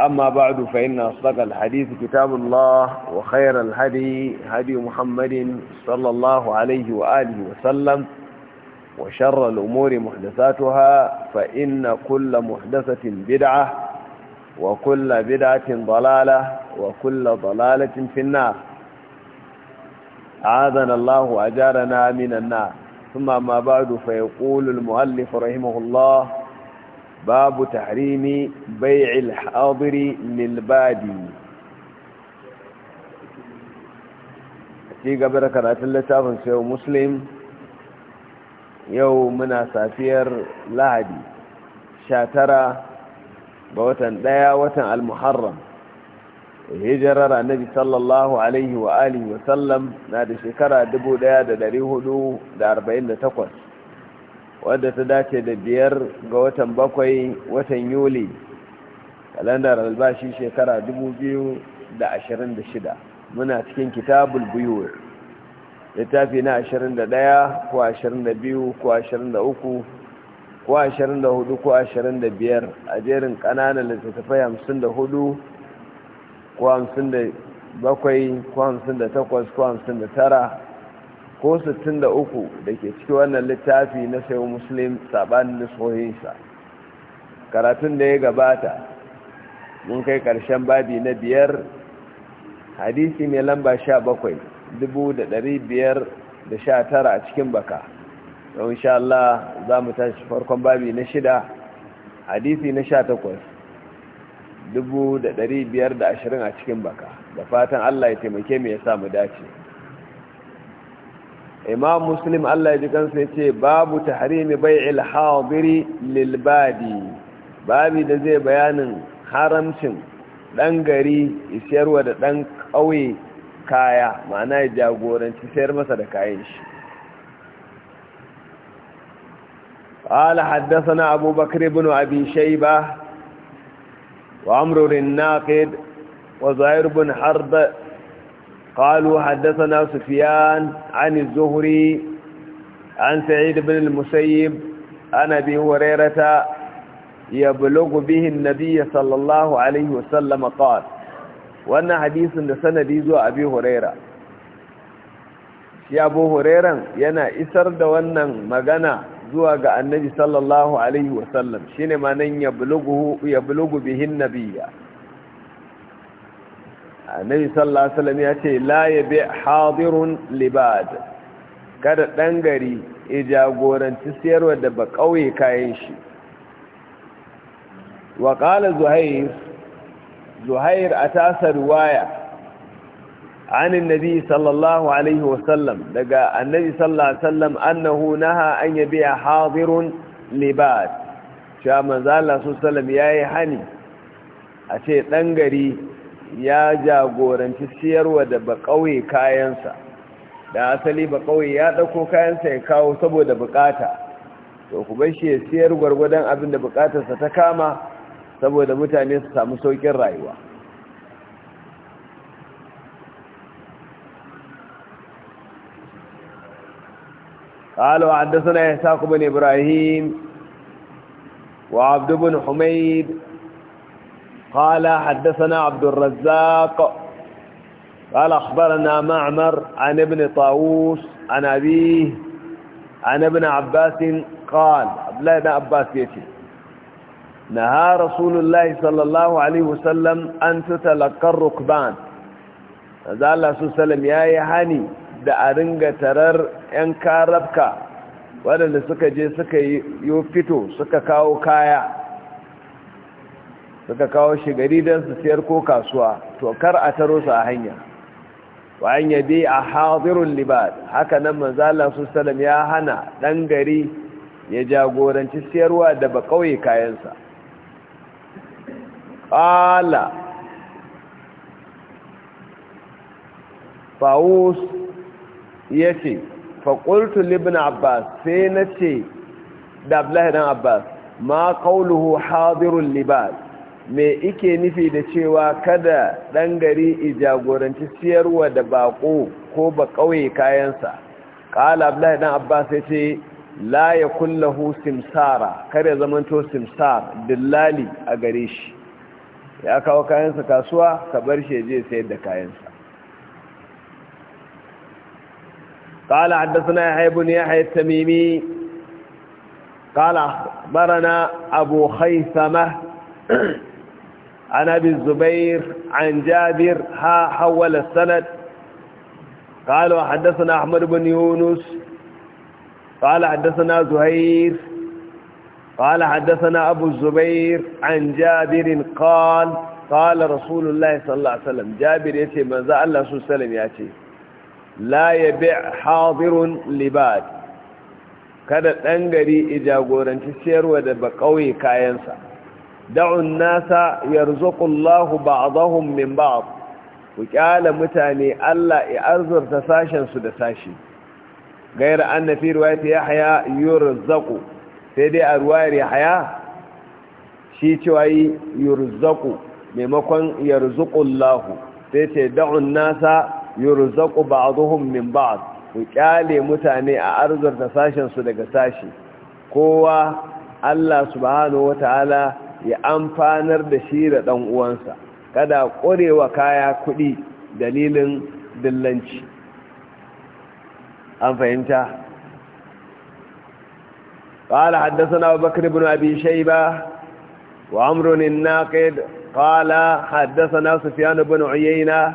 أما بعد فإن أصدق الحديث كتاب الله وخير الهدي هدي محمد صلى الله عليه وآله وسلم وشر الأمور محدثاتها فإن كل محدثة بدعة وكل بدعة ضلالة وكل ضلالة في النار أعاذنا الله أجارنا من النار ثم ما بعد فيقول المؤلف رحمه الله babu tahrimi bai'il hadiri lil badi ci gaba da karatun littafin sayo muslim yau muna safiyar lahadi sha tara ga watan ɗaya watan almuharram hijirar annabi sallallahu alaihi wa alihi na da shekara takwas. wadda ta dace da biyar ga watan bakwai watan yuli kalandar albashi shekara shida muna cikin kitabul buyur littafi na ɗaya ko biyu ko uku ko hudu ko biyar a jerin ƙananan littattafai hudu ko bakwai ko takwas ko tara. ko 63 da ke ciki wannan littafi na sayo muslim saɓanin nisohinsa karatun da ya gabata mun kai ƙarshen babi na biyar hadisi mai lamba 17,519 a cikin baka don insha Allah za mu tashi farkon babi na shida hadisi na 18,520 a cikin baka da fatan Allah ya taimake mai ya samu dace imam muslim Allah ya ji kansa ya ce babu tahrimi bai'il hadiri lil badi babi da zai bayanin haramcin dan gari isyarwa da dan kauye kaya ma'ana ya jagoranci sayar masa da kayan shi قال ibn أبو بكر بن أبي شيبة وعمر wa وزهير بن حرب قالوا حدثنا سفيان عن الزهري عن سعيد بن المسيب عن أبي هريرة يبلغ به النبي صلى الله عليه وسلم قال وأن حديث سندي زو أبي هريرة يا abu hurairan yana isar da wannan magana zuwa ga annabi sallallahu alaihi wasallam shine manan ya bulugu bihin nabiyya annabi sallallahu alaihi wasallam ya ce la yabi hadirun libad kada dan gari ya jagoranci siyarwa da ba kauye kayan shi wa qala zuhair zuhair atasa riwaya عن النبي صلى الله عليه وسلم دقى النبي صلى الله عليه وسلم أنه نهى أن يبيع حاضر لباد شاما زال الله صلى الله عليه وسلم ياي حني أشيء تنقري ya jagoranci siyarwa da bakauye kayansa da asali bakauye ya ɗauko kayansa ya kawo saboda bukata to ku bar shi ya siyar gwargwadon abin da bukatarsa ta kama saboda mutane su samu saukin rayuwa قالوا حدثنا يساق بن إبراهيم وعبد بن حميد قال حدثنا عبد الرزاق قال أخبرنا معمر عن ابن طاووس عن أبيه عن ابن عباس قال لا ابن عباس يتي نهى رسول الله صلى الله عليه وسلم أن تتلقى الركبان هذا الله صلى الله عليه وسلم يا يهاني da a ringa tarar 'yan karabka waɗanda suka je suka yi fito suka kawo kaya suka kawo shi gari don su siyar ko kasuwa to kar a taro su a hanya wa an yabi a hadirun libad haka nan manzala su salam ya hana ɗan gari ya jagoranci siyarwa da ba kayansa ƙala fawus ya ce faƙultu libin abbas sai na ce da Abdullahi dan abbas ma ƙauluhu hadirun libad me ike nufi da cewa kada ɗan gari i jagoranci siyarwa da baƙo ko ba ƙauye kayansa ƙala abdullahi ɗan abbas ya ce la ya kullahu simsara kar ya zamanto simsar dillali a gare shi ya kawo kayansa kasuwa ka bar shi je sayar da kayansa Haddasa ya haibu ne ya يحيى التميمي ƙala barana abu خيثمة عن أبي الزبير عن جابر ها حول السند قال وحدثنا أحمد بن يونس قال حدثنا زهير قال حدثنا أبو الزبير عن جابر قال قال رسول الله صلى الله عليه وسلم جابر يتي ماذا الله صلى الله عليه وسلم يأتي لا يبيع حاضر لباد kada ɗan gari ijagoranci siyarwa da ba ƙauye kayansa da'u nasa yarzuqullahu ba'dahum min ba'd ku kyala mutane Allah ya arzurta sashen su da sashi gaira anna fi riwayati yahya yurzaqu sai dai a riwayar yahya shi cewa yurzaqu maimakon yarzuqullahu sai ce da'u nasa yurzaqu ba'dahum min ba'd ku kyale mutane a arzurta su daga sashi kowa Allah subhanahu ta'ala. ya amfanar da shi da ɗan uwansa kada ƙurewa kaya kuɗi dalilin dillanci an fahimta قال حدثنا أبو بكر بن أبي شيبة وعمر الناقد قال حدثنا سفيان بن عيينة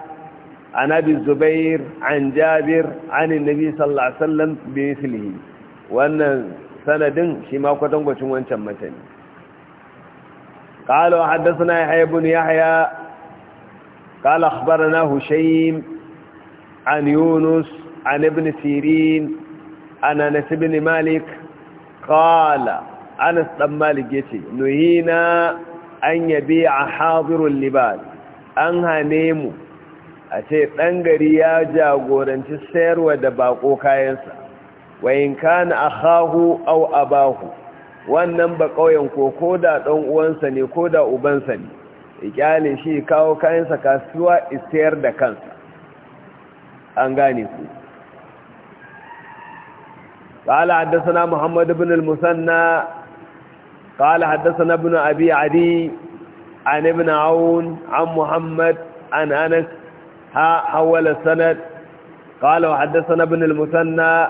عن أبي الزبير عن جابر عن النبي صلى الله عليه وسلم بمثله وأن سند شما قتنقش وانشمتني قال وحدثنا يحيى بن يحيى قال أخبرنا هشيم عن يونس عن ابن سيرين عن أنس بن مالك قال أنس بن مالك يتي نهينا أن يبيع حاضر اللبال أنها نيمو a ce ɗan gari ya jagoranci sayarwa da baƙo kayansa wayin kana akhahu wannan ba ƙauyen ko ko da ɗan uwansa ne ko da ubansa ne ikyale shi kawo kayansa kasuwa istayar da kansa an gane ku قال حدثنا محمد بن المثنى قال حدثنا ابن أبي عدي عن ابن عون عن محمد عن أنس ها حول السند قال وحدثنا ابن المثنى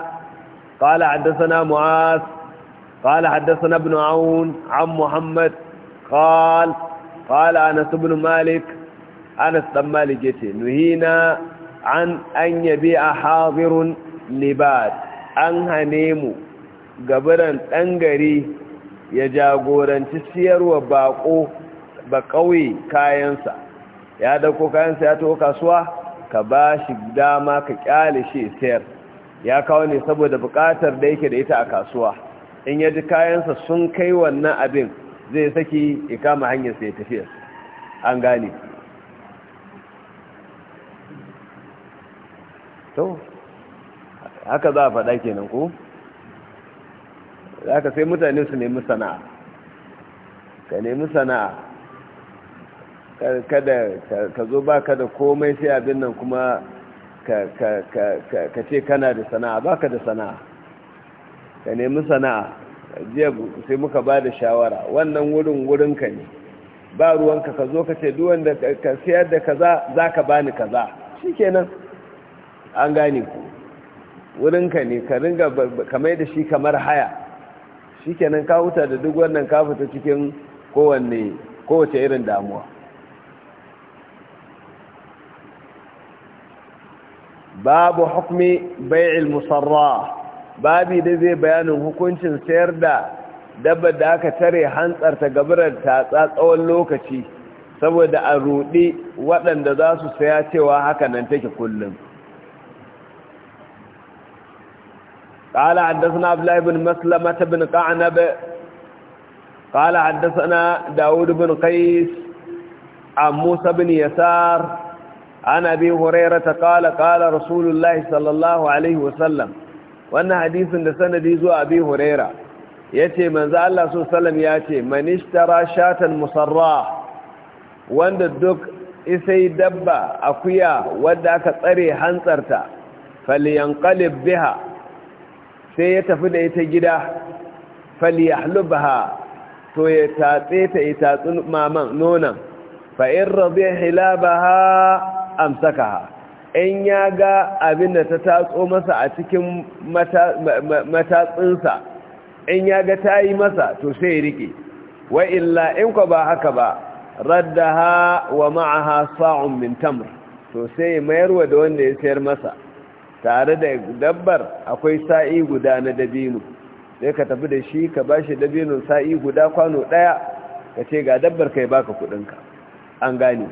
قال حدثنا معاذ قال حدثنا ابن عون عن محمد قال قال أنس بن مالك أنس بن مالك نهينا عن أن يبيع حاضر لباد أن هنيمو قبرا تنقري يجاقورا تسير وباقو بقوي كاينسا ya dauko kayansa ya taho kasuwa ka ba shi dama ka kyale shi sayar ya kawo ne saboda bukatar da yake da ita a kasuwa in ya ji kayansa sun kai wannan abin zai saki ya kama hanyar sai tafiya an gane to haka za a faɗa kenan za ka sai mutane su nemi sana'a ka nemi sana'a kada ka zo ba ka da komai sai abin nan kuma ka ce kana da sana'a ba ka da sana'a ka nemi sana'a jiya sai muka ba da shawara wannan wurin wurinka ne ba ruwanka ka zo ka ce da ka siyar da kaza za ka bani kaza shi kenan an gane ku wurinka ne ka ringa kamar da shi kamar haya shi kenan ka huta da duk wannan ka fita cikin kowanne kowace irin damuwa babu hukmi bai'il musarra babi da zai bayanin hukuncin sayar da dabba da aka tare hantsarta gabarar tatsa tsawon lokaci saboda a ruɗe waɗanda za su saya cewa haka nan take kullum قال حدثنا عبد الله بن مسلمة بن قعنب قال حدثنا داود بن قيس عن موسى بن يسار عن أبي هريرة قال قال رسول الله صلى الله عليه وسلم wannan hadisin da sanadi zuwa abi huraira ya ce manzo Allah su salam ya ce manishtara shatan musarra wanda duk isai dabba akuya wadda aka tsare hantsarta falyanqalib biha sai ya tafi da ita gida falyahlubha to ya tatse ta itatsun maman nonan fa in radiya hilabaha amsakaha in ya ga abin da ta tatso masa a cikin matatsinsa in ya ga ta yi masa to sai rike wa illa in ko ba haka ba raddaha wa ma'aha sa'un min tamr to sai mayarwa da wanda ya sayar masa tare da dabbar akwai sa'i guda na dabino sai ka tafi da shi ka ba shi dabino sa'i guda kwano daya ka ce ga dabbar kai baka kudinka an gane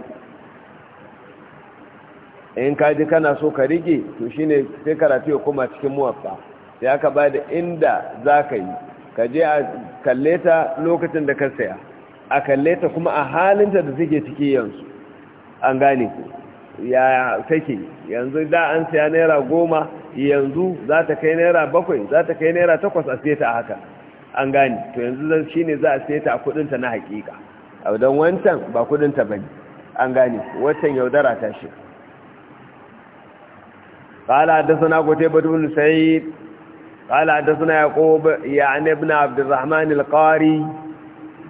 in ka ji kana so ka rige to shine sai karatu ya koma cikin muwaffa sai aka ba da inda za ka yi ka je a kalle ta lokacin da ka saya a kalle ta kuma a halinta da suke ciki yanzu an gane ku ya take yanzu da an saya naira goma yanzu za ta kai naira bakwai za ta kai naira takwas a saita a haka an gane to yanzu shi ne za a saita a kudinta na hakika a don wancan ba kudinta ba ne an gane wancan yaudara ta shi قال حدثنا قتيبة بن سعيد قال حدثنا يعقوب يعني ابن عبد الرحمن القاري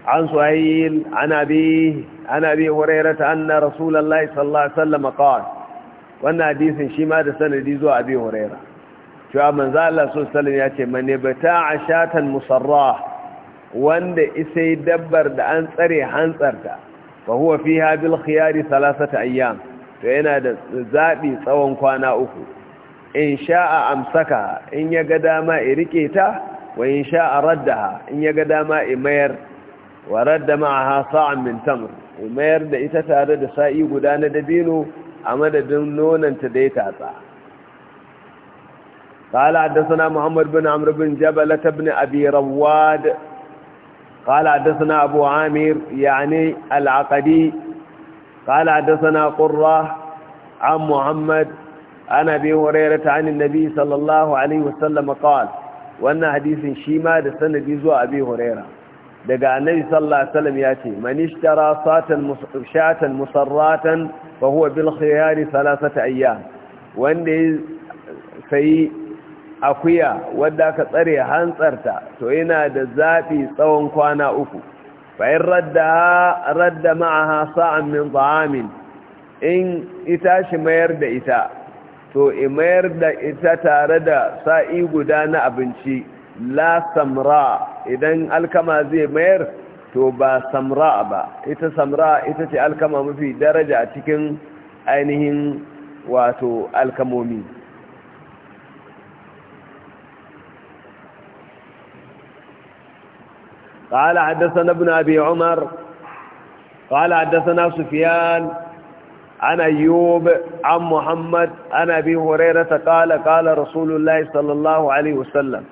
عن سهيل عن أبيه عن أبي هريرة أن رسول الله صلى الله عليه وسلم قال wannan hadisin shi ma da sanadi zuwa abi huraira cewa manzo Allah sallallahu alaihi ya ce man yabta'a shatan musarrah wanda isai dabbar da an tsare hantsarta fa huwa fiha bil khiyari thalathata ayyam to yana da zabi tsawon kwana uku in sha'a amsaka in ya ga dama i rike ta wa in sha'a raddaha in ya ga dama i mayar wa radda ma'aha sa'an min tamr i mayar da ita tare da sa'i guda na dabino a madadin nonanta da ya tatsa قال حدثنا محمد بن عمرو بن جبلة بن أبي رواد قال حدثنا أبو عامر يعني العقدي قال حدثنا قرة عن محمد Ana abin warayar ta hannun nabi sallallahu alaihi wasallam kawal wannan hadisin shi ma da sanadi zuwa abin warayara daga annabi sallallahu ya ce manishtara satan musarratan ba huwa bilkhiyari salasata ayya wanda ya sayi akuya wadda aka tsare hantsarta to yana da zafi tsawon kwana uku bayan radda ma'aha sa'an min ba'amin in ita shi mayar da ita to mayar da ita tare da sa'i guda na abinci la samra idan alkama zai mayar to ba samra ba ita samra ita ce alkama mafi daraja a cikin ainihin wato alkamomi قال حدثنا ابن أبي عمر قال حدثنا سفيان عن أيوب عن محمد عن أبي هريرة قال قال رسول الله صلى الله عليه وسلم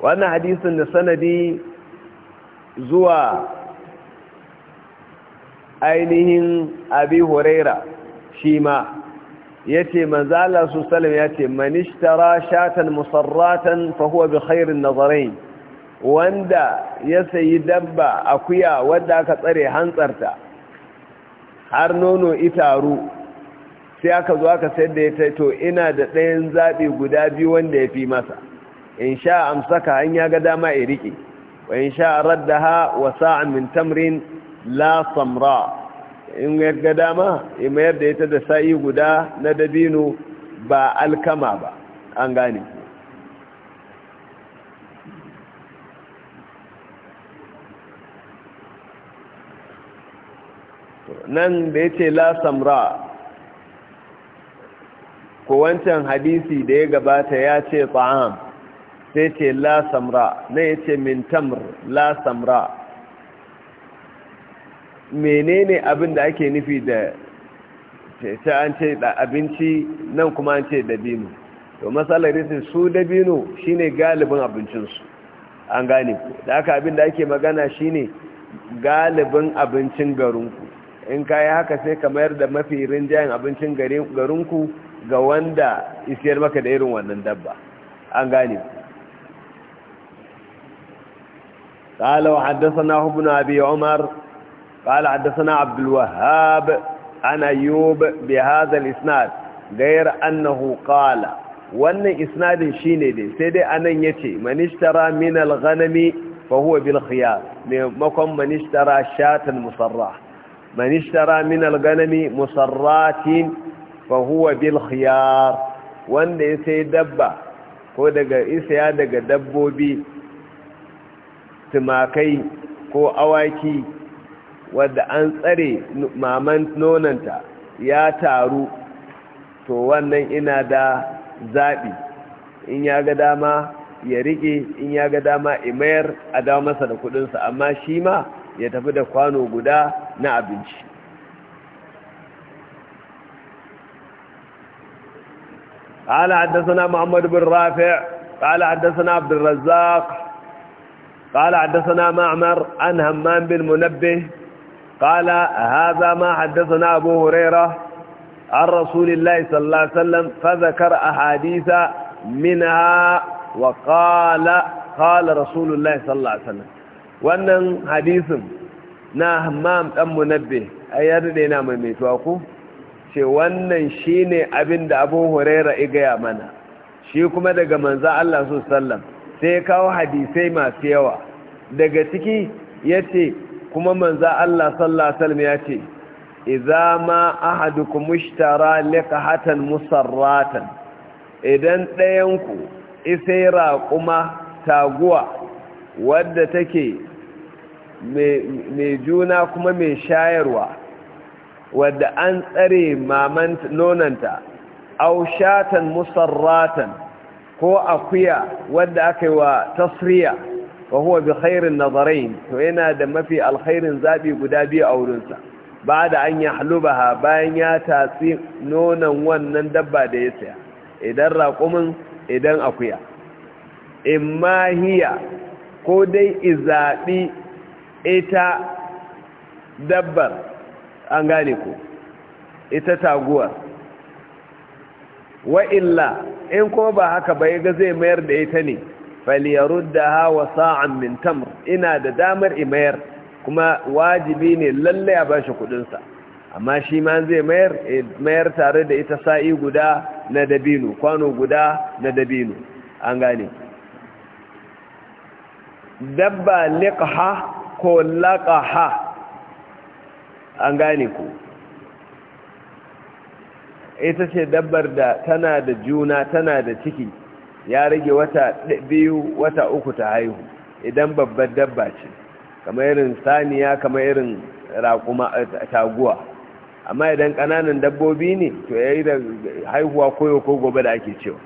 وأنا حديث السنة زوى ainihin abi huraira shi ma ya ce manzala su ya ce manishtara shatan musarratan fahuwa bi khairin nazarai wanda ya sayi dabba akuya wadda aka tsare hantsarta har nono itaru sai aka zo aka sayar da ita to ina da ɗayan zaɓi guda biyu wanda ya fi masa in sha amsaka an ya ga dama ya riƙe wa in sha radda ha wa sa'an min tamrin la samra in ya ga dama ya mayar da ita da sa'i guda na dabino ba alkama ba an gane nan da ya ce la samra ko wancan hadisi da ya gabata ya ce ta'am sai ce la samra na ya ce mintamr lasamra la samra menene abin da ake nufi da ce an ce da abinci nan kuma an ce dabino to matsalar rikin su dabino shine galibin abincinsu an gane ku da aka abin da ake magana shine galibin abincin garinku in ka yi haka sai ka mayar da mafi rinjayen abincin garinku ga wanda isiyar maka da irin wannan dabba an gane قال وحدثنا ابن أبي عمر قال حدثنا عبد الوهاب عن أيوب بهذا الإسناد غير أنه قال وأن إسناد شيني دي سيدي أنا يتي من اشترى من الغنم فهو بالخيار مكم من اشترى شاة مصرح man ishtara min al-ganami musarratin fa huwa bil wanda ya sai dabba ko daga isaya daga dabbobi tumakai ko awaki wadda an tsare maman nonanta ya taru to wannan ina da zaɓi in ya ga dama ya riƙe in ya ga dama mayar a dawo masa da kuɗinsa amma shi ma ya tafi da kwano guda na abinci قال حدثنا محمد بن رافع قال حدثنا عبد الرزاق قال حدثنا معمر عن همام بن منبه قال هذا ما حدثنا أبو هريرة عن رسول الله صلى الله عليه وسلم فذكر أحاديث منها وقال قال رسول الله صلى الله عليه وسلم وأن حديث na hammam dan munabbi ai ya dade na mai mai tuwa ko ce wannan shine abin da Abu Huraira ya gaya mana shi kuma daga manzo Allah su sallam sai ya kawo hadisai masu yawa daga ciki yace kuma manzo Allah sallallahu alaihi wasallam yace idza ma ahadukum mushtara liqhatan musarratan idan ku isai raƙuma taguwa wadda take mai juna kuma mai shayarwa wadda an tsare maman nonanta au shatan musarratan ko akuya wadda aka yi wa tasriya wa huwa bi khairin nazarain to yana da mafi alkhairin zabi guda biyu a wurinsa ba da an yi halubaha bayan ya tatsi nonan wannan dabba da ya saya idan raƙumin idan akuya imma hiya ko dai izaɓi ita dabbar an gane ku ita taguwar wa illa in ko ba haka ba yaga zai mayar da ita ne falyaruddaha wa sa'an min tamr ina da damar imayar kuma wajibi ne lalle a bashi kudin sa amma shi ma zai mayar mayar tare da ita sa'i guda na dabino kwano guda na dabino an gane dabba liqha ko lakaha, an gane ku ita ce dabbar da tana da juna tana da ciki ya rage wata biyu wata uku ta haihu idan babbar dabba ce kamar irin saniya kamar irin raƙuma eh, taguwa amma idan ƙananan dabbobi ne to ya yi da haihuwa koyo ko gobe da ake cewa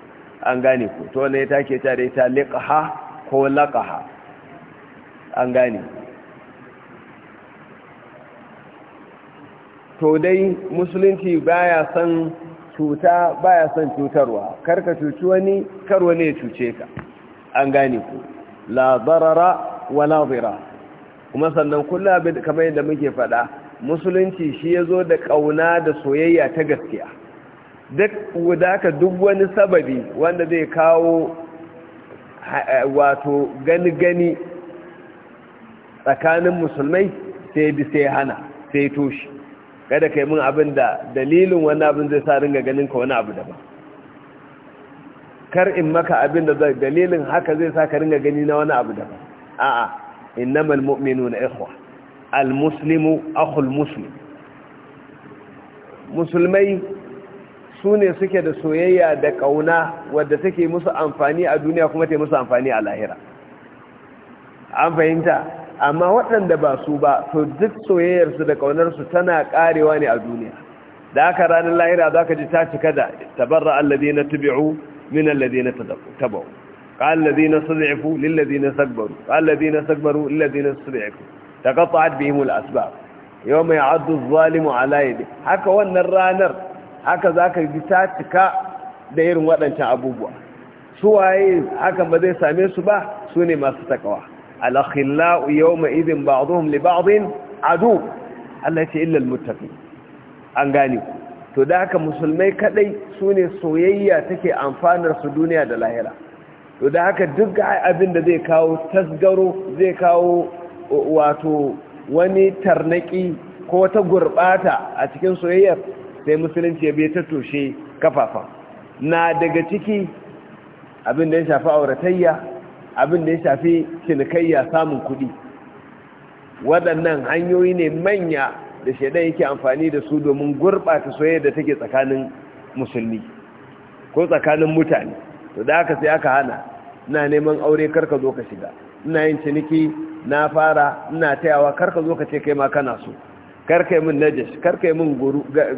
an gane ku to ne ta ke ta da ita ko ko ha an gane ku to dai musulunci baya son cuta baya son cutarwa karka cuci wani kar wani ya cuce ka an gane ku la darara wa la dhira kuma sannan kullu abin kamar yadda muke faɗa musulunci shi yazo da kauna da soyayya ta gaskiya duk wadaka duk wani sababi wanda zai kawo eh, wato gani gani tsakanin musulmai sai bi sai hana sai toshi kada kai mun abin da dalilin wani abin zai sa ringa ganin ka wani abu daban kar in maka abin da zai dalilin haka zai sa ka ringa gani na wani abu daban a'a innamal mu'minuna ikhwa almuslimu akhul muslim musulmai su ne suke da soyayya da kauna wadda take musu amfani a duniya kuma take musu amfani a lahira an fahimta amma waɗanda ba su ba to duk soyayyarsu da ƙaunarsu tana ƙarewa ne a duniya da aka ranar lahira za ka ji ta cika da tabarra allazi na tubi'u min allazi na tabau قال الذين صدعفوا na sagbaru, قال na استكبروا Ta استضعفوا تقطعت بهم الأسباب يوم يعض الظالم على يده haka wannan ranar haka zaka ji ta cika da irin waɗancan abubuwa su waye hakan ba zai same su ba su ne masu takawa al-akhillau yawma idhin ba'dhum li ba'dhin adu Allah ce illal muttaqi an gane to da haka musulmai kadai sune soyayya take amfanar su duniya da lahira to da haka duk abin da zai kawo tasgaro zai kawo wato wani tarnaki ko wata gurɓata a cikin soyayyar sai musulunci ya bi ta toshe kafafa na daga ciki abin da ya shafi auratayya abin da ya shafi cinikayya samun kuɗi waɗannan hanyoyi ne manya da shaidan yake amfani da su domin gurɓata soyayya da take tsakanin musulmi ko tsakanin mutane to da aka sai aka hana ina neman aure karka zo ka shiga ina yin ciniki na fara ina tayawa karka zo ka ce kai ma kana so karka yi min najis karka yi min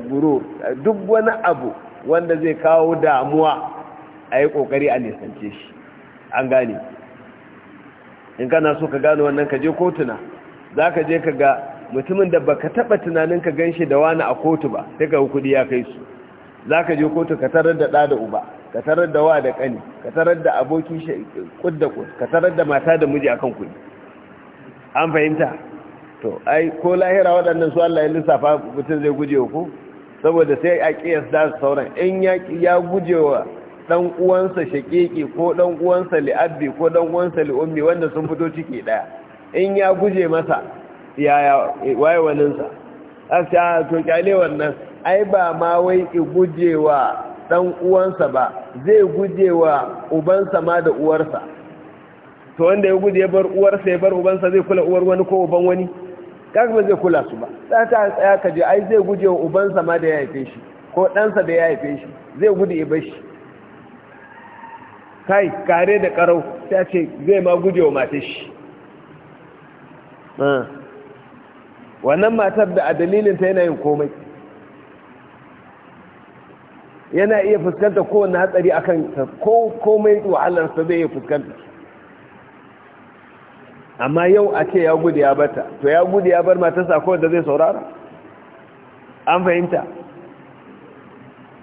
guru duk wani abu wanda zai kawo damuwa a yi ƙoƙari a nisance shi an gane in kana so ka gano wannan ka je kotuna za ka je ka ga mutumin da baka taba tunanin ka ganshi da wani a kotu ba sai ka kudi ya kai su za ka je kotu ka tarar da ɗa da uba ka tarar da wa da ƙani ka tarar da aboki kud da kud ka tarar da mata da miji akan kuɗi an fahimta to ai ko lahira waɗannan su Allah ya lissafa mutum zai guje ku saboda sai a kiyas da sauran in ya guje wa dan uwansa shakeke ko dan uwansa li'abbi ko dan uwansa li'ummi wanda sun fito ciki daya in ya guje masa yaya waye sa asha to kyale wannan ai ba ma wai ki gujewa dan uwansa ba zai gujewa ubansa ma da uwarsa to wanda ya guje bar uwarsa ya bar ubansa zai kula uwar wani ko uban wani kaga ba zai kula su ba da ta tsaya kaje ai zai gujewa ubansa ma da ya haife shi ko ɗansa da ya haife shi zai gudu ya kai kare da karau ta ce zai ma gujewa mata shi ah. wannan matar da a dalilin ta yanayin komai yana iya fuskanta kowane hatsari akan ko komai wahalarsa zai iya fuskanta amma yau a ce ya gudu ya bata to ya gudu ya bar matarsa kowanne zai saurara an fahimta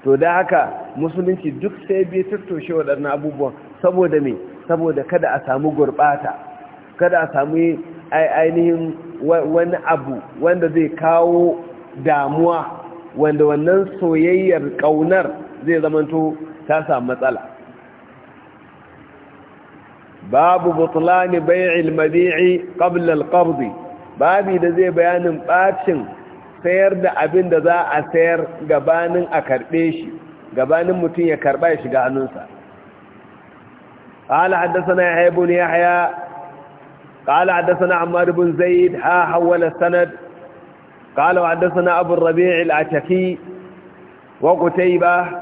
to da haka musulunci duk sai bai tattoshe waɗannan abubuwan saboda me saboda kada a samu gurɓata kada a samu ainihin wani abu wanda zai kawo damuwa wanda wannan soyayyar ƙaunar zai zamanto ta samu matsala babu butulani bai'il mabi'i qabla al-qabdi babi da zai bayanin bacin sayar da abin da za a sayar gabanin a karbe shi gabanin mutum ya karba ya shiga hannunsa ƙala haddasana ya haibu ne ya haya ƙala haddasana amma rubin zaid ha na sanad ƙala na abin rabi'il a cafi ta yi ba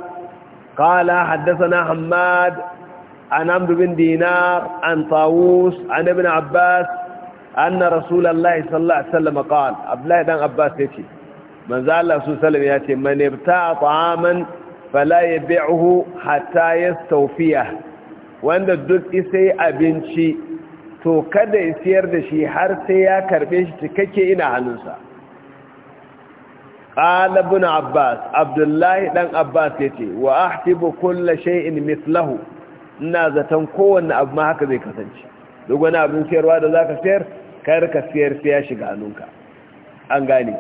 ƙala haddasana hamad an amurbin dinar an tawus an abin abbas anna rasulallah sallallahu alaihi wasallam qala abdullahi dan abbas yace manzo Allah su sallam yace man ibta'a ta'aman fala yabi'uhu hatta yastawfiya wanda duk isai abinci to kada ya siyar da shi har sai ya karbe shi cikakke ina hannunsa قال ابن عباس عبد الله دان عباس yace wa ahtibu kull shay'in mithlahu ina zaton kowanne abu ma haka zai kasance duk wani abin sayarwa da zaka sayar kar ka siyar sai ya shiga hannunka an gane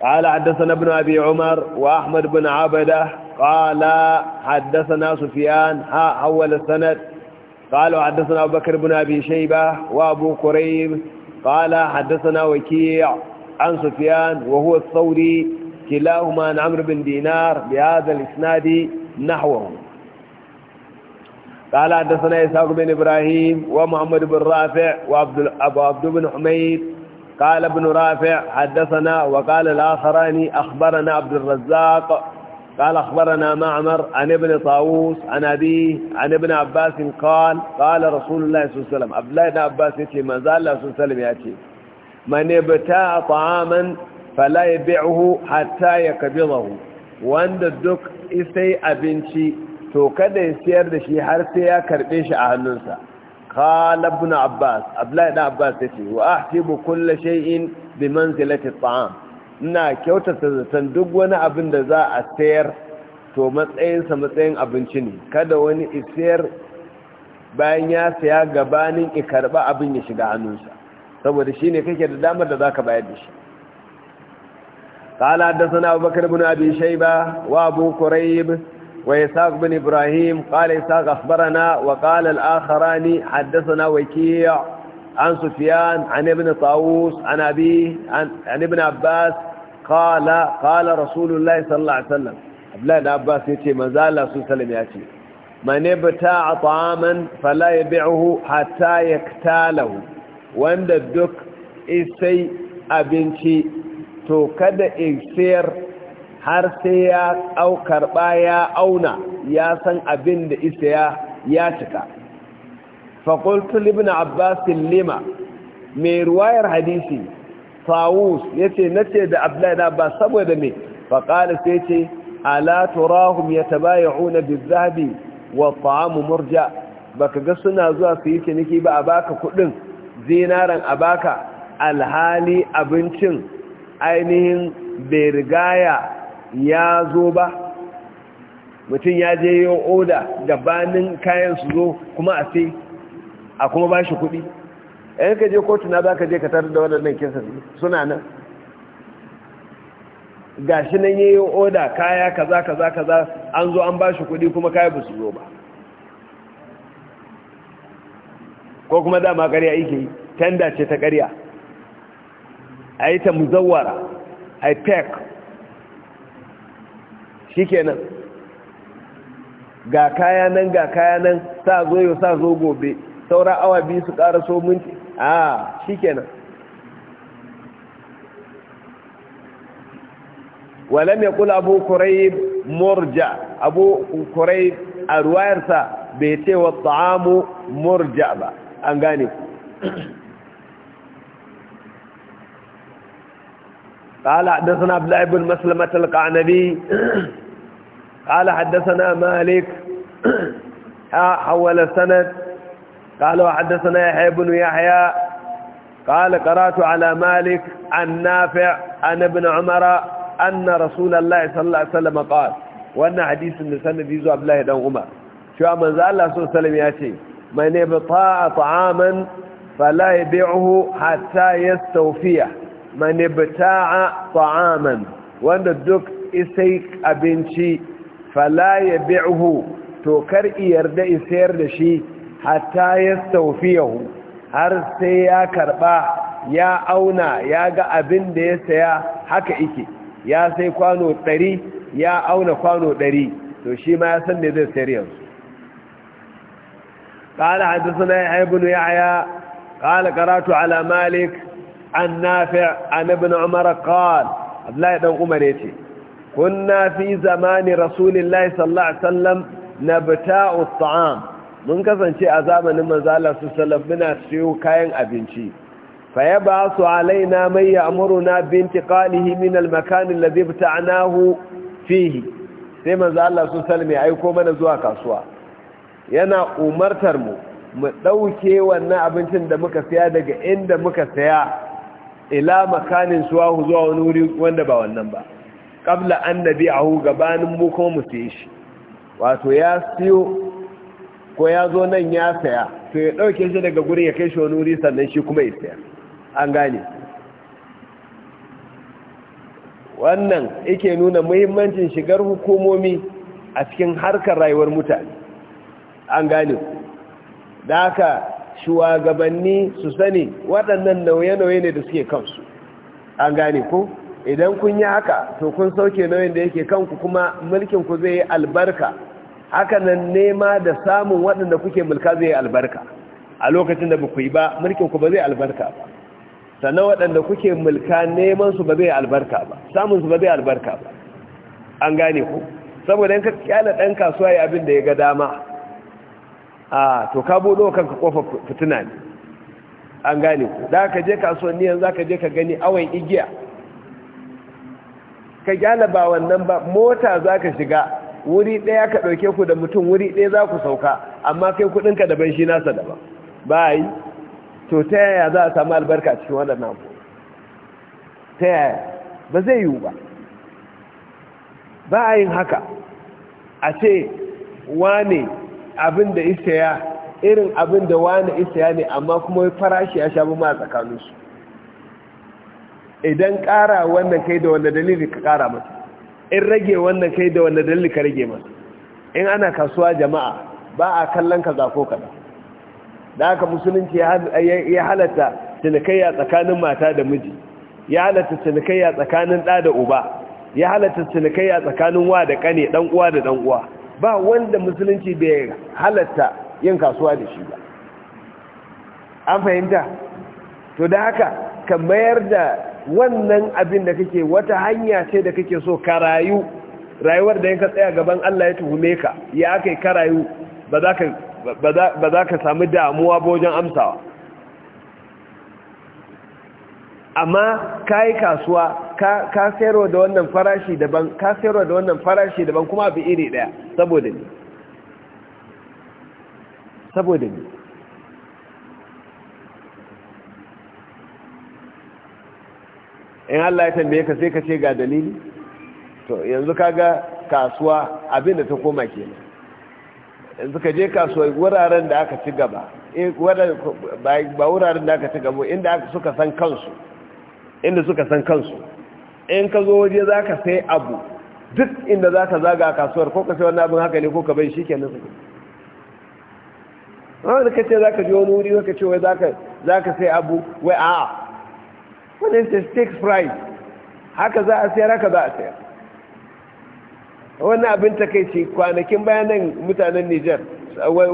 قال حدثنا ابن أبي عمر وأحمد بن عبده قال حدثنا سفيان ها أول السند قال حدثنا أبو بكر بن أبي شيبة وأبو قريب قال حدثنا وكيع عن سفيان وهو الثوري كلاهما عن عمرو بن دينار بهذا الإسناد نحوه قال حدثنا إسحاق بن إبراهيم ومحمد بن رافع وأبو عبد بن حميد قال ابن رافع حدثنا وقال الآخران أخبرنا عبد الرزاق قال أخبرنا معمر عن ابن طاووس عن أبيه عن ابن عباس قال قال رسول الله صلى الله عليه وسلم عبد الله بن عباس يتي ما زال الله صلى الله عليه وسلم يأتي من ابتاع طعاما فلا يبيعه حتى يكبضه وأن الدك إسي أبنشي to kada ya siyar da shi har sai ya karbe shi a hannunsa qala ibn abbas abdullahi ibn abbas yace wa ahsibu kull shay'in bi manzilati ta'am ina kyautata zaton duk wani abin da za a sayar to matsayinsa matsayin abinci ne kada wani sayar bayan ya siya gabanin karba abin ya shiga hannunsa saboda shine kake da damar da zaka bayar da shi قال حدثنا أبو بكر بن أبي شيبة وأبو كريب وإساق بن إبراهيم قال إساق أخبرنا وقال الآخران حدثنا وكيع عن سفيان عن ابن طاووس عن أبيه عن, عن ابن عباس قال قال رسول الله صلى الله عليه وسلم أبلاد عباس يتي ما زال رسول صلى الله عليه وسلم يتي من ابتاع طعاما فلا يبيعه حتى يكتاله وند الدك إسي أبنتي تو كده إسير har sai ya karɓa ya auna ya san abin da isa ya ya cika faƙultul ibn abbas lima mai ruwayar hadisi tawus ya ce na ce da abdullahi ba saboda mai faƙali sai ce ala turahum ya taba ya huna bizzabi wa ta'amu murja baka ga suna zuwa su yi ciniki ba a baka kudin zinaren a baka alhali abincin ainihin bergaya. ya zo ba mutum ya je yi oda gabanin kayan su zo kuma a sai a kuma ba shi kuɗi yan ka je kotu na za ka je ka tarar da waɗannan kinsa suna nan ga shi nan ya yi oda kaya kaza kaza kaza an zo an ba shi kuɗi kuma kaya ba su zo ba ko kuma dama ƙarya yake tanda ce ta ƙarya a yi ta muzawara a yi pek shikenan ga kaya nan ga kaya nan sa zo yau sa zo gobe saura awa biyu su ƙara so minti a shikenan walam ya kula abu kurai murja abu kurai a ruwayarsa bai ce wa tsamu murja ba an gane قال حدثنا عبد الله بن مسلمة القعنبي قال حدثنا مالك حول السند قال وحدثنا يحيى بن يحيى قال قرأت على مالك عن نافع عن ابن عمر أن رسول الله صلى الله عليه وسلم قال وأن حديث من سند يزو عبد الله بن عمر شو من ذا الله صلى الله عليه وسلم يأتي من ابطاء طعاما فلا يبيعه حتى يستوفيه من ابتاع طعاما وأن الدك إسيك أبنشي fala ya bi'uhu to kar i yarda i sayar da shi hatta ya saufiyahu har sai ya karba ya auna ya ga abin da ya saya haka ike ya sai kwano 100 ya auna kwano ɗari to shi ma ya san da zai sayar yanzu قال حدثنا يحيى بن يحيى قال قرات على مالك النافع عن ابن عمر قال عبد الله بن عمر يتي kunna zamani rasulillahi sallallahu alaihi wasallam nabta'u mun kasance a zamanin manzo Allah sallallahu muna siyo kayan abinci basu alaina man ya'muruna bi intiqalihi min al-makan alladhi ibta'nahu fihi sai manzo Allah ya aiko mana zuwa kasuwa yana umartar mu mu ɗauke wannan abincin da muka saya daga inda muka saya ila makanin suwahu zuwa wani wuri wanda ba wannan ba ƙabla an hu gabanin mu ko mu sai shi wato ya siyo ko ya zo nan ya saya to ya dauke shi daga gurin ya kai shi wani wuri sannan shi kuma ya saya an gane wannan yake nuna muhimmancin shigar hukumomi a cikin harkar rayuwar mutane an gane da haka shugabanni su sani waɗannan nauye-nauye ne da suke kansu an gane ko idan kun yi haka to kun sauke nauyin da yake kanku kuma mulkin ku zai yi albarka haka nan nema da samun waɗanda kuke mulka zai yi albarka a lokacin da bakwai yi ba mulkin ku ba zai albarka ba sannan waɗanda kuke mulka neman su ba zai albarka ba samun su ba zai albarka ba an gane ku saboda in ka kyala ɗan kasuwa ya abin da ya ga dama a to ka buɗo kanka kofa fitina ne an gane ku da ka je kasuwanni yanzu ka je ka gani awon igiya ka gyala ba wannan ba mota za ka shiga wuri ɗaya ka ɗauke ku da mutum wuri ɗaya za ku sauka amma kai kuɗinka daban shi nasa daban ba yi to ta yaya za a samu albarka cikin waɗannan abu ta yaya ba zai yiwu ba ba a yin haka a ce wane abin da ya irin abin da wane ya ne amma kuma farashi ya sha ma a tsakaninsu idan ƙara wannan kai da wanda dalili ka ƙara masa in rage wannan kai da wanda dalili ka rage masa in ana kasuwa jama'a ba a kallon ka zako kaɗa da haka musulunci ya halatta cinikayya tsakanin mata da miji ya halatta cinikayya tsakanin ɗa da uba ya halatta cinikayya tsakanin wa da ƙane ɗan uwa da ɗan uwa ba wanda musulunci bai halatta yin kasuwa da shi ba an fahimta to da haka ka mayar da wannan abin da kake wata hanya ce da kake so ka rayu rayuwar da yanka tsaya gaban Allah ya tuhume ka ya aka yi rayu ba za ka sami damuwa ba wajen amsawa amma ka yi kasuwa ka sayarwa da wannan farashi daban ka sayarwa da wannan farashi daban kuma abu iri daya saboda ne saboda ne in Allah ya tambaye ka sai ka ce ga dalili to yanzu kaga kasuwa abinda ta koma kenan yanzu ka je kasuwa wuraren da aka ci gaba eh, ba wuraren da aka ci gaba inda suka san kansu inda suka san kansu in ka zo waje za ka sai abu duk inda za ka zaga a kasuwar ko ka sai wani abin haka ne ko ka bai shi kenan su wanda ka ce za ka je wani wuri ka ce wai za ka sai abu wai a'a Wannan ce steak fry haka za a sayar haka za a sayar wannan abin takaici kwanakin bayanan mutanen niger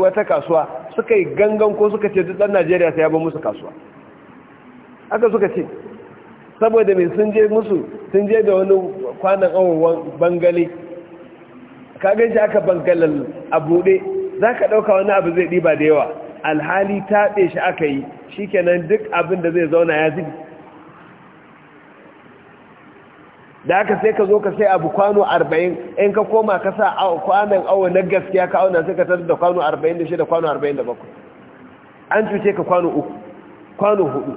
wata kasuwa suka yi gangan ko suka ce dutsen najeriya sai ya ba musu kasuwa haka suka ce saboda mai sun je musu sun je da wani kwanan awon bangale kagan shi aka bangalan a bude za ka ɗauka wani abu zai ɗiba da yawa alhali ɗe shi aka yi shi kenan duk abin da zai zauna ya zibi da aka sai ka zo ka sai abu kwano 40 in ka koma ka sa kwanan awo na gaskiya ka auna sai ka tattar da kwano 46 da kwano 47 an cuce ka kwano uku kwano hudu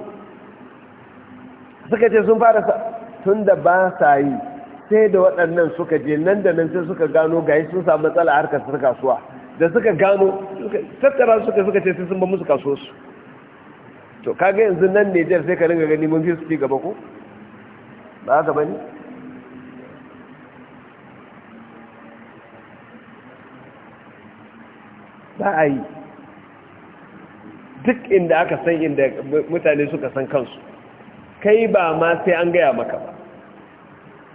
suka ce sun fara tun da ba sa yi sai da waɗannan suka je nan da nan sai suka gano ga yi sun samu matsala a harkar su kasuwa da suka gano tattara suka suka ce sun ba musu kaso su to kaga yanzu nan ne jar sai ka ringa gani mun fi su ci gaba ko ba haka bane ba a yi duk inda aka san inda mutane suka san kansu kai ba ma sai an gaya maka ba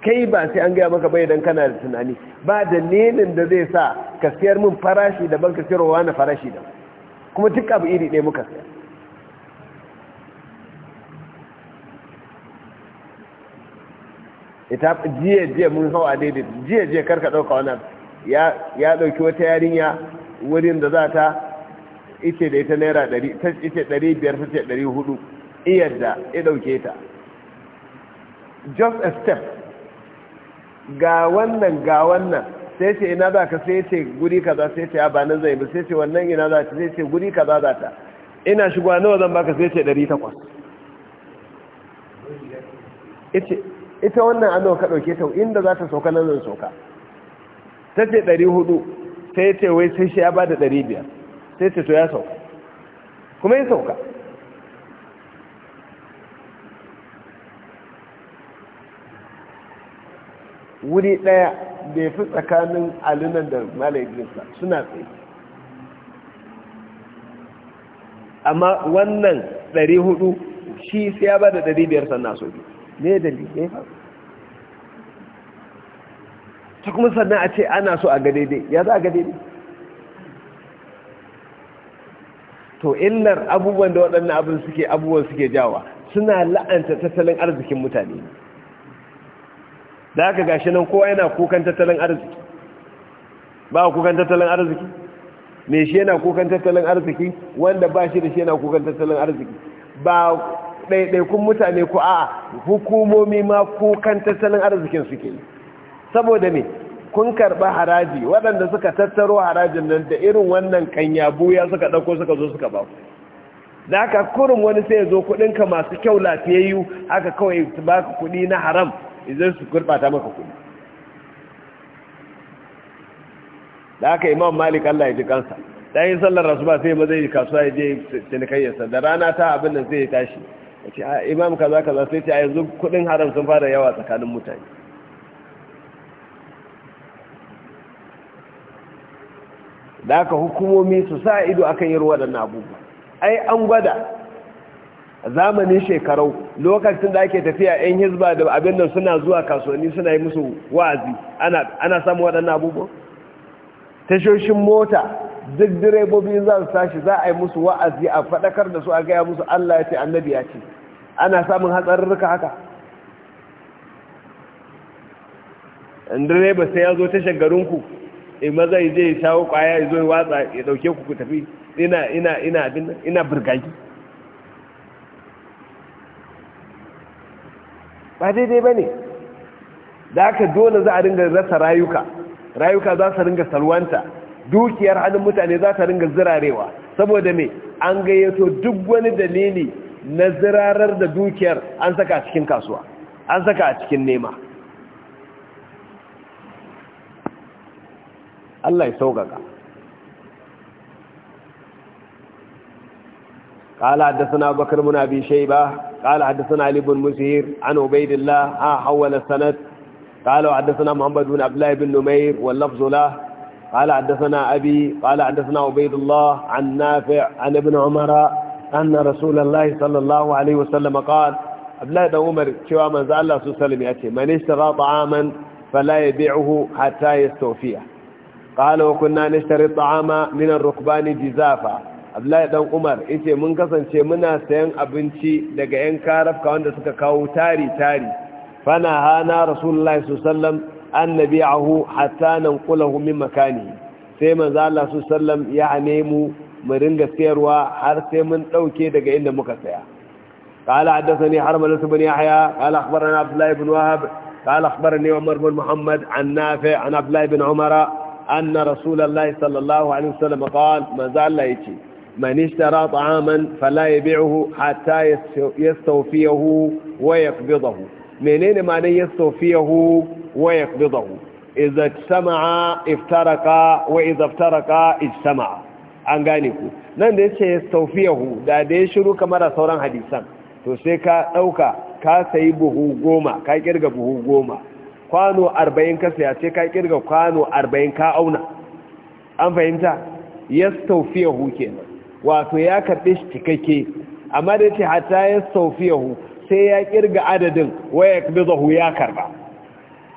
kai ba sai an gaya maka ba idan kana da tunani ba da nenin da zai sa ka siyar min farashi ban ka wa na farashi da kuma duk abu iri ɗaya muka sai ita jiye jiye mun hau a daidai jiye jiye karka ɗauka wani ya ɗauki wata yarinya wurin da za ta ice da ita naira dari, ta ice ɗari biyar ta ce dari hudu da ya dauke ta just a step ga wannan ga wannan sai ce ina za ka sai ce guri kaza sai ce ba na zai ba sai ce wannan ina za ta sai ce guri kaza za ta ina shigowa nawa zan baka sai ce dari takwas ita wannan an ka ɗauke ta inda za ta sauka nan zan sauka ta ce dari hudu sai ya ce wai sai shi ya ba da ɗari biyar sai ce to ya sauka kuma ya sauka wuri ɗaya da ya fi tsakanin alunan da malai suna tsaye amma wannan 400 shi sai ya ba da 500 sannan soji ne dalilai faru ta kuma sannan a ce ana so a ga daidai ya za a ga daidai to illar abubuwan da waɗannan abin suke abubuwan suke jawa suna la'anta tattalin arzikin mutane da aka gashi nan kowa yana kukan tattalin arziki ba kukan tattalin arziki me shi yana kukan tattalin arziki wanda ba shi da shi yana kukan tattalin arziki ba ɗaiɗaikun mutane ko a hukumomi ma kukan tattalin arzikin suke yi saboda me kun karɓa haraji waɗanda suka tattaro harajin nan da irin wannan kanya buya suka ɗauko suka zo suka ba da haka kurin wani sai ya zo kuɗinka masu kyau lafiyayyu haka kawai su ba ka kuɗi na haram idan su gurɓata maka kuɗi da haka imam malik allah ya ji kansa da yin sallar rasu ba sai maza yi kasuwa ya je cinikayyarsa da rana ta abin da zai tashi imam kaza kaza sai ce a yanzu kuɗin haram sun fara yawa tsakanin mutane da aka hukumomi su sa ido akan ruwa waɗannan abubuwa ai an gwada zamanin shekarau lokacin da ake tafiya 'yan hizba da abin da suna zuwa kasuwanni suna yi musu wa'azi ana samun waɗannan abubuwa tashoshin mota duk direbobi za su tashi za a yi musu wa'azi a faɗakar da su a gaya musu allah ya ce annabi ya ce ana samun hatsarurruka haka direba sai ya zo tashar garinku Eh, maza ya je ya shawo kwaya ya zo ya watsa ya dauke ku tafi ina ina ina abin ina burgaki ba daidai ba ne da aka dole za a ringa rasa rayuka rayuka za su ringa salwanta dukiyar hannun mutane za ta ringa zirarewa saboda mai an gayyato duk wani dalili na zirarar da dukiyar an saka cikin kasuwa an saka a cikin nema Allah ya قال حدثنا ابو بكر بن أبي شيبة قال حدثنا علي بن مسهير عن عبيد الله ها حول السند قال حدثنا محمد بن عبد الله بن نمير واللفظ له قال حدثنا أبي قال حدثنا عبيد الله عن نافع عن ابن عمر أن رسول الله صلى الله عليه وسلم قال الله بن عمر شو من زال الله صلى الله عليه وسلم يأتي من اشترى طعاما فلا يبيعه حتى يستوفيه qala wa kunna nashtari ta'ama min ar-rukbani jizafa Abdullahi dan Umar yace mun kasance muna sayan abinci daga yan karafka wanda suka kawo tari tari fana hana rasulullahi sallallahu alaihi wasallam an nabi'ahu hatta nanqulahu min makani sai manzo Allah sallallahu alaihi wasallam ya anemu mu ringa sayarwa har sai mun dauke daga inda muka saya قال حدثني حرملة بن يحيى قال أخبرنا عبد الله بن وهب قال أخبرني عمر بن محمد عن نافع عن عبد الله بن عمر anna rasulullahi sallallahu alaihi wasallam qala manzo Allah yace man ishtara ta'aman fala yabi'uhu hatta yastawfiyahu wa yaqbidahu menene ma'anar yastawfiyahu wa yaqbidahu idza ijtama'a iftaraka wa idza iftaraka ijtama'a an gane ku nan da yace yastawfiyahu da da ya shiru kamar sauran hadisan to sai ka ɗauka ka sayi buhu goma ka kirga buhu goma kwano arba'in ka saya ce ka kirga kwano arba'in ka auna an fahimta ya hu kenan wato ya karɓe shi cikakke amma da ce hata ya hu sai ya kirga adadin waya zahu ya karba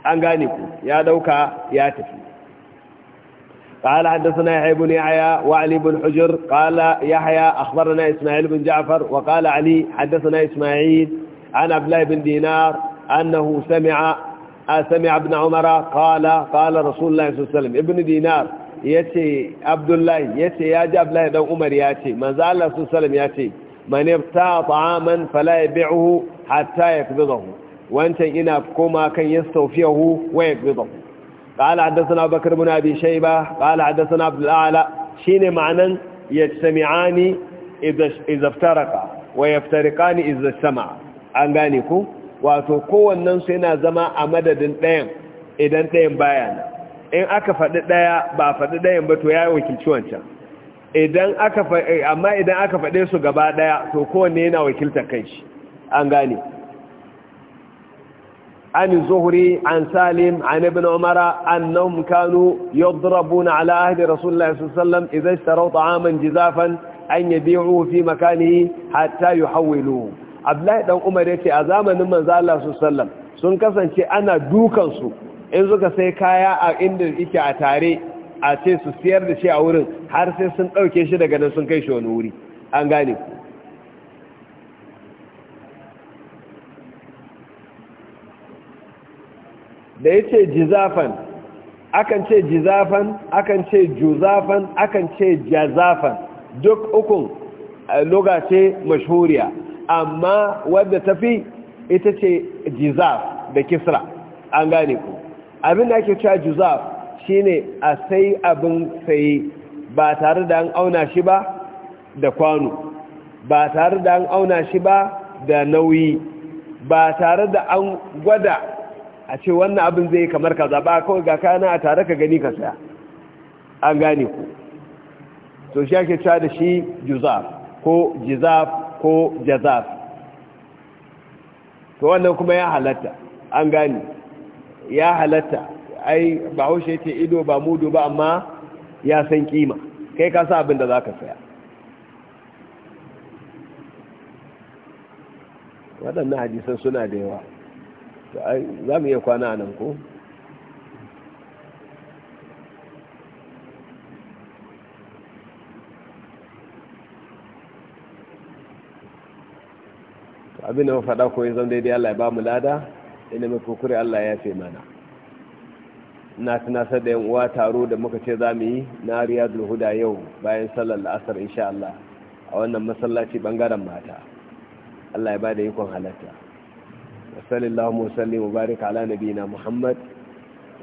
an gane ku ya dauka ya tafi قال حدثنا يحيى بن يحيى وعلي بن حجر قال يحيى أخبرنا إسماعيل بن جعفر وقال علي حدثنا إسماعيل عن عبد بن دينار أنه سمع سمع ابن عمر قال قال رسول الله صلى الله عليه وسلم ابن دينار yace abdullahi yace ya ji umar ya ce manzo Allah ya ce man yabta ta'aman fala yabi'uhu hatta yakbidahu wancan ina koma kan yastawfihu wa yakbidahu qala hadathana bakr ibn abi shayba qala hadathana abdul a'la shine ma'anan yajtami'ani idza iftaraqa wa yaftariqani idza sama'a an gane ku wato su yana zama a madadin ɗayan idan ɗayan baya na in aka faɗi ɗaya ba faɗi ɗayan ba to ya yi wakilci wancan eh, amma idan aka faɗe su gaba ɗaya to kowanne yana wakilta kai shi an gane عن الزهري عن سالم عن ابن عمر أنهم كانوا يضربون على أهل رسول الله صلى الله عليه وسلم إذا اشتروا طعاما جزافا أن يبيعوه في مكانه حتى يحولوه abdullahi dan umar yace a zamanin manzo Allah sallam sun kasance ana dukansu, su in suka sai kaya a inda yake a tare a ce su siyar da shi a wurin har sai sun ɗauke shi daga nan sun kai shi wani wuri an gane da yace jizafan akan ce jizafan akan ce juzafan akan ce jazafan duk ukun eh, loga ce mashhuriya amma wadda ta fi ita ce jizaf da kisra an gane ku abin da ake cewa jizaf shi ne a sai abin sai ba tare da an auna shi ba da kwano ba tare da an auna shi ba da nauyi ba tare da an gwada a ce wannan abin zai kamar kaza ba kawai ga kana a tare ka gani ka saya an gane ku to shi ake cewa da shi jizaf ko jizaf ko jazaf to wannan kuma ya halatta an gani ya halatta ai ba haushe ce ido ba mudu ba amma ya san kima kai ka sa abin da za ka saya waɗannan hadisan suna da yawa za mu iya kwana nan ko? abin da mafaɗa ko yin zan daidai Allah ya ba mu lada ina mai kokuri Allah ya fi mana na tunasar da yan uwa taro da muka ce za mu yi na riyadul huda yau bayan sallar la'asar insha Allah a wannan masallaci bangaren mata Allah ya ba da ikon halatta sallallahu musalli mubarak ala nabiyina muhammad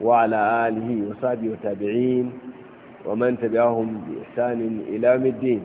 wa ala alihi wa sahbihi wa tabi'in wa man tabi'ahum bi ihsanin ila middin